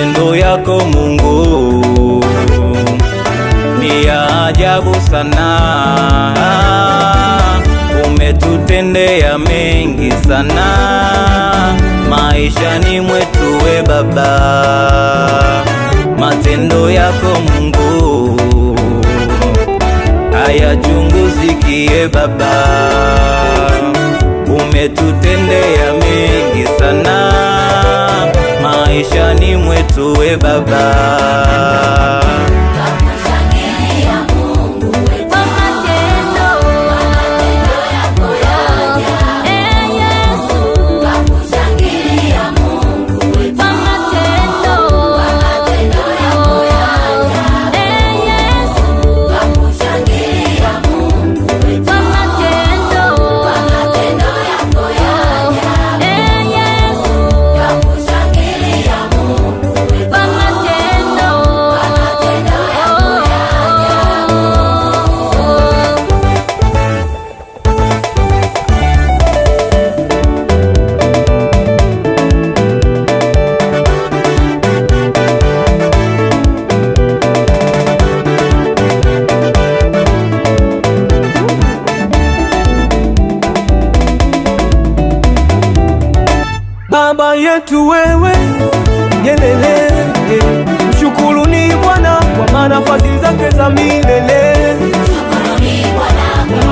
matendo yako Mungu ni ya ajabu sana, umetutendea mengi sana maishani mwetu, we Baba. Matendo yako Mungu hayachunguzikie Baba, umetutendea mengi sana maishani mwetu, we Baba. Tukuimbie tu wewe milele, ni Bwana kwa maana fadhili zake za milele, ni Bwana kwa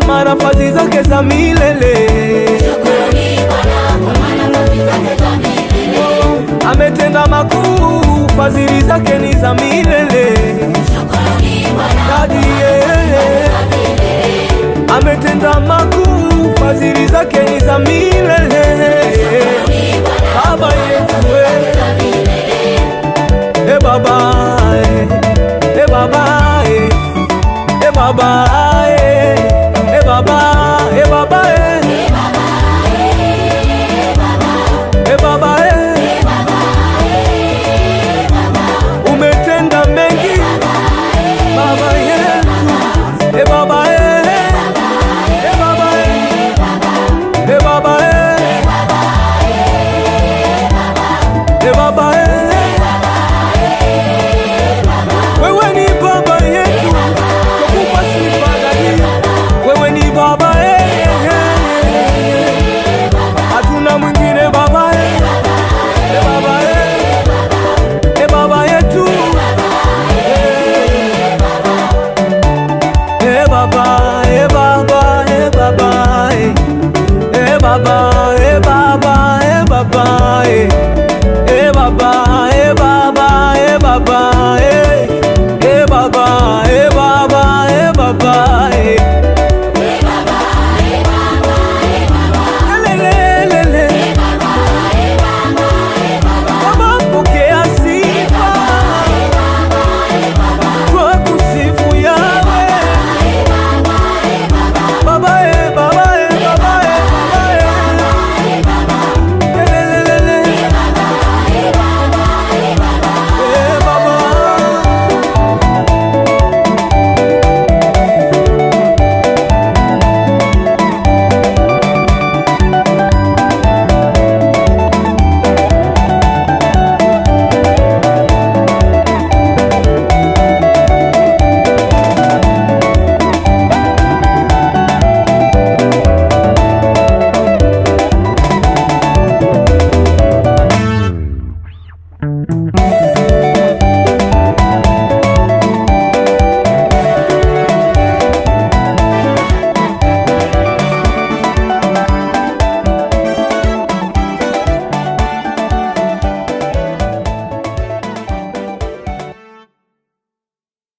maana fadhili zake za milele. Ametenda makuu, fadhili zake ni za milele Ametenda makuu Fadhili zake ni za milele Baba yetu e Baba e Baba e Baba